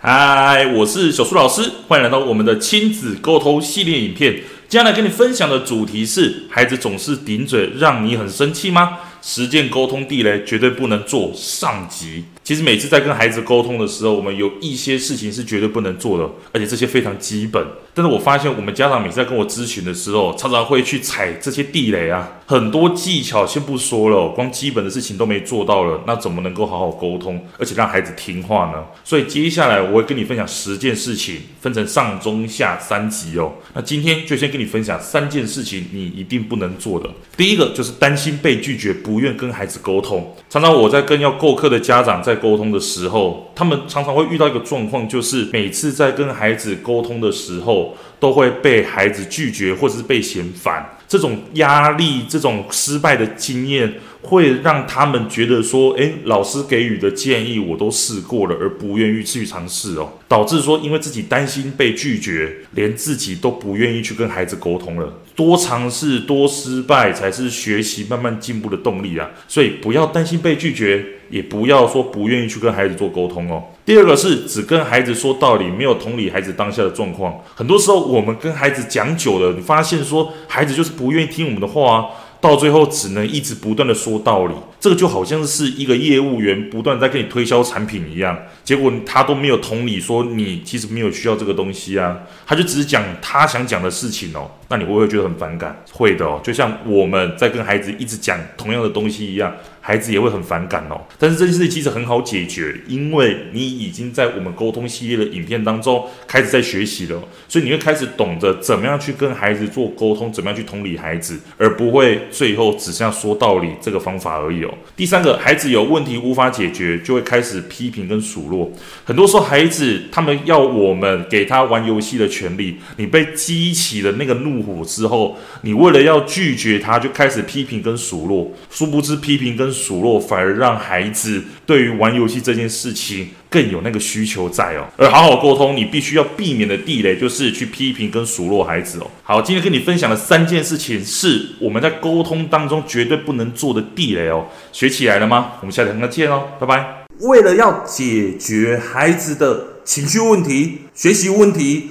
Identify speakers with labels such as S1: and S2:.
S1: 嗨，我是小蘇老師，歡迎來到我們的親子溝通系列影片。接下來跟你分享的主題是：孩子總是頂嘴，讓你很生氣嗎？十件溝通地雷絕對不能做上集。其實每次在跟孩子溝通的時候，我們有一些事情是絕對不能做的，而且這些非常基本。但是我發現我們家長每次在跟我諮詢的時候，常常會去踩這些地雷啊。很多技巧先不說了哦，光基本的事情都沒做到了，那怎麼能夠好好溝通，而且讓孩子聽話呢？所以接下來我會跟你分享十件事情，分成上中下三集哦。那今天就先跟你分享三件事情，你一定不能做的。第一個就是擔心被拒絕。不願跟孩子溝通，常常我在跟要購課的家長在溝通的時候，他們常常會遇到一個狀況，就是每次在跟孩子溝通的時候，都會被孩子拒絕或者是被嫌煩，這種壓力，這種失敗的經驗。會讓他們覺得說，誒，老師給予的建議我都試過了，而不願意去嘗試哦，導致說因為自己擔心被拒絕，連自己都不願意去跟孩子溝通了。多嘗試，多失敗，才是學習慢慢進步的動力啊！所以不要擔心被拒絕，也不要說不願意去跟孩子做溝通哦。第二個是只跟孩子說道理，沒有同理孩子當下的狀況。很多時候，我們跟孩子講久了，你發現說孩子就是不願意聽我們的話啊。到最後只能一直不斷的說道理，這個就好像是一個業務員不斷在跟你推銷產品一樣，結果他都沒有同理，說你其實沒有需要這個東西啊，他就只是講他想講的事情哦。那你會不會覺得很反感？會的哦，就像我們在跟孩子一直講同樣的東西一樣，孩子也會很反感哦。但是這件事其實很好解決，因為你已經在我們溝通系列的影片當中開始在學習了，所以你會開始懂得怎麼樣去跟孩子做溝通，怎麼樣去同理孩子，而不會最後只是要說道理這個方法而已哦。第三個，孩子有問題無法解決，就會開始批評跟數落。很多時候，孩子他們要我們給他玩遊戲的權利，你被激起的那個怒。之後，你為了要拒絕他，就開始批評跟數落，殊不知批評跟數落反而讓孩子對於玩遊戲這件事情更有那個需求在哦。而好好溝通，你必須要避免的地雷就是去批評跟數落孩子哦。好，今天跟你分享的三件事情是我們在溝通當中絕對不能做的地雷哦。學起來了嗎？我們下節課見哦，拜拜。為了要解決孩子的情緒問題、學習問題。